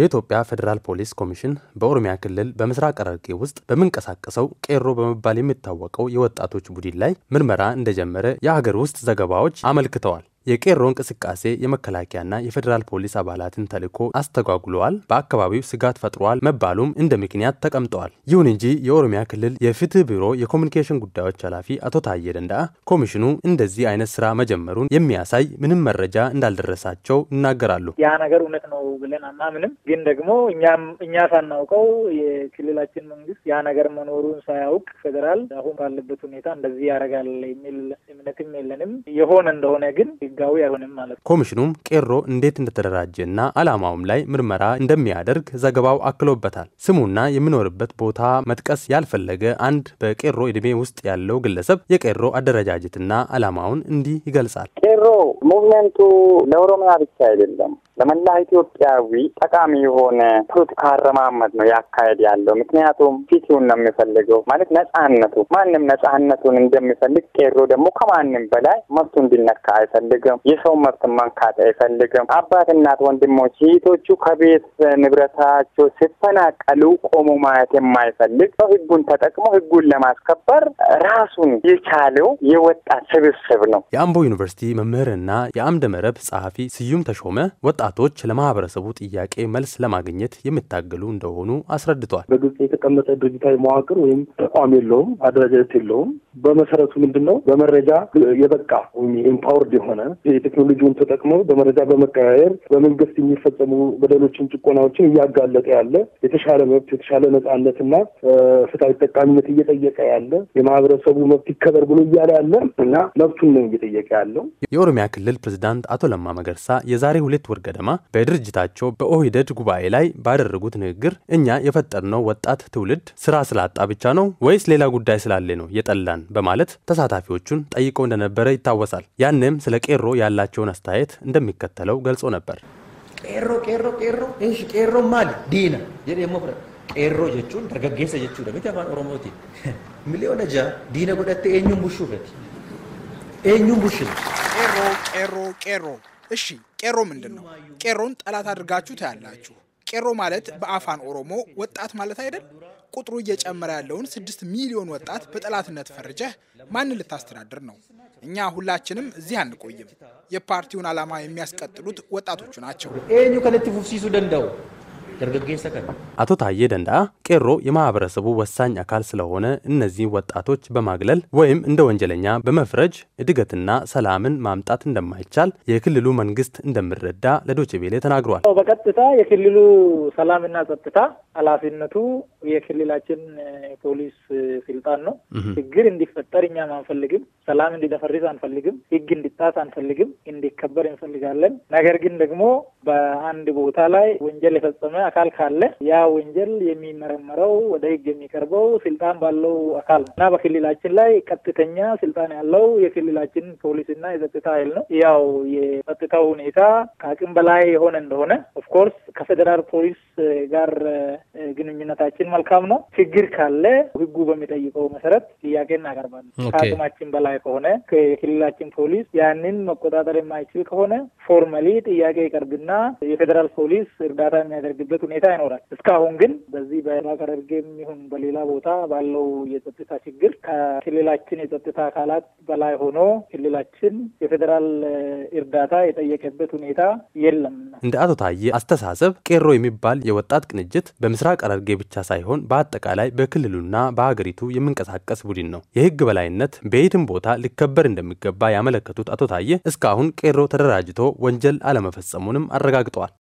የኢትዮጵያ ፌዴራል ፖሊስ ኮሚሽን በኦሮሚያ ክልል በምስራቅ ሐረርጌ ውስጥ በምንቀሳቀሰው ቄሮ በመባል የሚታወቀው የወጣቶች ቡድን ላይ ምርመራ እንደጀመረ የሀገር ውስጥ ዘገባዎች አመልክተዋል። የቄሮ እንቅስቃሴ የመከላከያና የፌዴራል ፖሊስ አባላትን ተልዕኮ አስተጓጉለዋል፣ በአካባቢው ስጋት ፈጥሯል መባሉም እንደ ምክንያት ተቀምጠዋል። ይሁን እንጂ የኦሮሚያ ክልል የፍትህ ቢሮ የኮሚኒኬሽን ጉዳዮች ኃላፊ አቶ ታዬ ደንዳ ኮሚሽኑ እንደዚህ አይነት ስራ መጀመሩን የሚያሳይ ምንም መረጃ እንዳልደረሳቸው ይናገራሉ። ያ ነገር እውነት ነው ብለን አናምንም፣ ግን ደግሞ እኛ ሳናውቀው የክልላችን መንግስት ያ ነገር መኖሩን ሳያውቅ ፌዴራል አሁን ባለበት ሁኔታ እንደዚህ ያደርጋል የሚል እምነትም የለንም። የሆነ እንደሆነ ግን ህጋዊ አይሆንም ማለት ነው። ኮሚሽኑም ቄሮ እንዴት እንደተደራጀ እና አላማውም ላይ ምርመራ እንደሚያደርግ ዘገባው አክሎበታል። ስሙና የሚኖርበት ቦታ መጥቀስ ያልፈለገ አንድ በቄሮ እድሜ ውስጥ ያለው ግለሰብ የቄሮ አደረጃጀትና አላማውን እንዲህ ይገልጻል። ቄሮ ሙቭመንቱ ለኦሮሚያ ብቻ አይደለም ለመላ ኢትዮጵያዊ ጠቃሚ የሆነ ፖለቲካ አረማመድ ነው ያካሄድ ያለው። ምክንያቱም ፊትዩን ነው የሚፈልገው ማለት ነጻነቱ፣ ማንም ነጻነቱን እንደሚፈልግ ቄሮ ደግሞ ከማንም በላይ መብቱ እንዲነካ አይፈልግም። የሰው መብት መንካት አይፈልግም። አባት፣ እናት፣ ወንድሞች ይቶቹ ከቤት ንብረታቸው ሲፈናቀሉ ቆሞ ማየት የማይፈልግ ሰው ህጉን ተጠቅሞ ህጉን ለማስከበር ራሱን የቻለው የወጣት ስብስብ ነው። የአምቦ ዩኒቨርሲቲ መምህርና የአምደ መረብ ጸሐፊ ስዩም ተሾመ ወጣ ወጣቶች ለማህበረሰቡ ጥያቄ መልስ ለማግኘት የሚታገሉ እንደሆኑ አስረድቷል። በግልጽ የተቀመጠ ድርጅታዊ መዋቅር ወይም ተቋም የለውም፣ አደረጃጀት የለውም። በመሰረቱ ምንድን ነው በመረጃ የበቃ ኢምፓወርድ የሆነ የቴክኖሎጂውን ተጠቅሞ በመረጃ በመቀያየር በመንግስት የሚፈጸሙ በደሎችን፣ ጭቆናዎችን እያጋለጠ ያለ የተሻለ መብት የተሻለ እና ፍትዊ ተጠቃሚነት እየጠየቀ ያለ የማህበረሰቡ መብት ይከበር ብሎ እያለ ያለ እና መብቱን ነው እየጠየቀ ያለው። የኦሮሚያ ክልል ፕሬዚዳንት አቶ ለማ መገርሳ የዛሬ ሁለት ወር ገደማ በድርጅታቸው በኦሂደድ ጉባኤ ላይ ባደረጉት ንግግር እኛ የፈጠርነው ወጣት ትውልድ ስራ ስላጣ ብቻ ነው ወይስ ሌላ ጉዳይ ስላለ ነው የጠላን በማለት ተሳታፊዎቹን ጠይቆ እንደነበረ ይታወሳል። ያንም ስለ ቄሮ ያላቸውን አስተያየት እንደሚከተለው ገልጾ ነበር። ቄሮ ቄሮ ቄሮ እሺ ቄሮ ማል ዲና የደሞ ቄሮ ጀቹን ደርገጌሰ ጀቹ ደሚት አፋን ኦሮሞቲ ሚሊዮን ጃ ዲነ ጎዳቴ ኤኙም ቡሹ ፈት ኤኙም ቡሽ ቄሮ ቄሮ ቄሮ እሺ ቄሮ ምንድን ነው? ቄሮን ጠላት አድርጋችሁ ታያላችሁ ቄሮ ማለት በአፋን ኦሮሞ ወጣት ማለት አይደል? ቁጥሩ እየጨመረ ያለውን ስድስት ሚሊዮን ወጣት በጠላትነት ፈርጀህ ማን ልታስተዳድር ነው? እኛ ሁላችንም እዚህ አንቆይም። የፓርቲውን ዓላማ የሚያስቀጥሉት ወጣቶቹ ናቸው። ደርገጌሰ አቶ ታዬ ደንዳ ቄሮ የማህበረሰቡ ወሳኝ አካል ስለሆነ እነዚህ ወጣቶች በማግለል ወይም እንደ ወንጀለኛ በመፍረጅ እድገትና ሰላምን ማምጣት እንደማይቻል የክልሉ መንግስት እንደሚረዳ ለዶችቤሌ ተናግሯል። በቀጥታ የክልሉ ሰላምና ጸጥታ ኃላፊነቱ የክልላችን ፖሊስ ስልጣን ነው። ችግር እንዲፈጠር እኛም አንፈልግም። ሰላም እንዲደፈርስ አንፈልግም። ህግ እንዲጣስ አንፈልግም። እንዲከበር እንፈልጋለን። ነገር ግን ደግሞ በአንድ ቦታ ላይ ወንጀል የፈጸመ አካል ካለ ያ ወንጀል የሚመረመረው ወደ ህግ የሚቀርበው ስልጣን ባለው አካል ነው እና በክልላችን ላይ ቀጥተኛ ስልጣን ያለው የክልላችን ፖሊስና የጸጥታ ኃይል ነው። ያው የጸጥታው ሁኔታ ከአቅም በላይ የሆነ እንደሆነ ኦፍኮርስ ከፌዴራል ፖሊስ ጋር ግንኙነታችን መልካም ነው። ችግር ካለ ህጉ በሚጠይቀው መሰረት ጥያቄ እናቀርባለን። ከአቅማችን በላይ ከሆነ የክልላችን ፖሊስ ያንን መቆጣጠር የማይችል ከሆነ ፎርመሊ ጥያቄ ይቀርብና የፌዴራል ፖሊስ እርዳታ የሚያደርግበት ሁኔታ ይኖራል። እስካሁን ግን በዚህ በምስራቅ ሐረርጌም ይሁን በሌላ ቦታ ባለው የጸጥታ ችግር ከክልላችን የጸጥታ አካላት በላይ ሆኖ ክልላችን የፌዴራል እርዳታ የጠየቀበት ሁኔታ የለም። እንደ አቶ ታዬ አስተሳሰብ ቄሮ የሚባል የወጣት ቅንጅት በምስራቅ ሐረርጌ ብቻ ሳይሆን በአጠቃላይ በክልሉና በሀገሪቱ የሚንቀሳቀስ ቡድን ነው። የህግ በላይነት በየትም ቦታ ሊከበር እንደሚገባ ያመለከቱት አቶ ታዬ እስካሁን ቄሮ ተደራጅቶ ወንጀል አለመፈጸሙንም አረጋግጠዋል